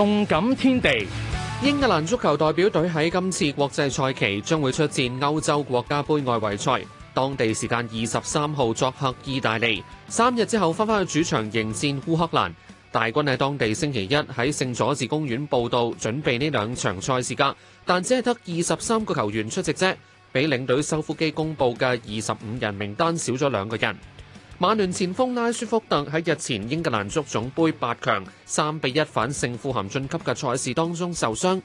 動感天地，英格蘭足球代表隊喺今次國際賽期將會出戰歐洲國家盃外圍賽，當地時間二十三號作客意大利，三日之後翻返去主場迎戰烏克蘭。大軍喺當地星期一喺聖佐治公園報到，準備呢兩場賽事噶，但只係得二十三個球員出席啫，比領隊修夫基公布嘅二十五人名單少咗兩個人。馬聯前鋒拉舒福特喺日前英格蘭足總盃八強三比一反勝富咸晉級嘅賽事當中受傷，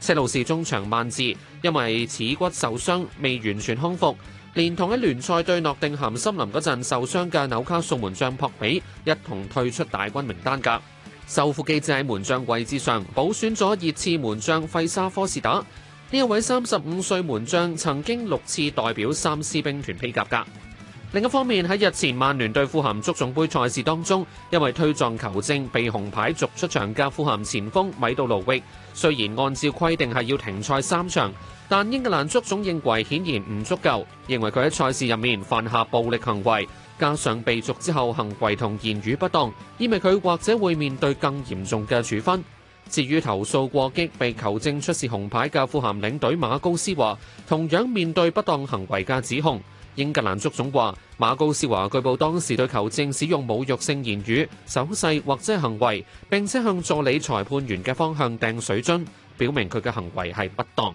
車路士中場萬字因為恥骨受傷未完全康復，連同喺聯賽對諾定咸森林嗰陣受傷嘅紐卡素門將撲比一同退出大軍名單噶，修夫基喺門將位置上補選咗熱刺門將費沙科士打，呢一位三十五歲門將曾經六次代表三獅兵團披甲噶。另一方面，喺日前曼聯對富咸足總盃賽事當中，因為推撞球證被紅牌逐出場嘅富咸前鋒米杜勞域，雖然按照規定係要停賽三場，但英格蘭足總認為顯然唔足夠，認為佢喺賽事入面犯下暴力行為，加上被逐之後行為同言語不當，意味佢或者會面對更嚴重嘅處分。至於投訴過激被球證出示紅牌嘅富咸領隊馬高施華，同樣面對不當行為嘅指控，英格蘭足總話。馬高士華據報當時對球證使用侮辱性言語、手勢或者行為，並且向助理裁判員嘅方向掟水樽，表明佢嘅行為係不當。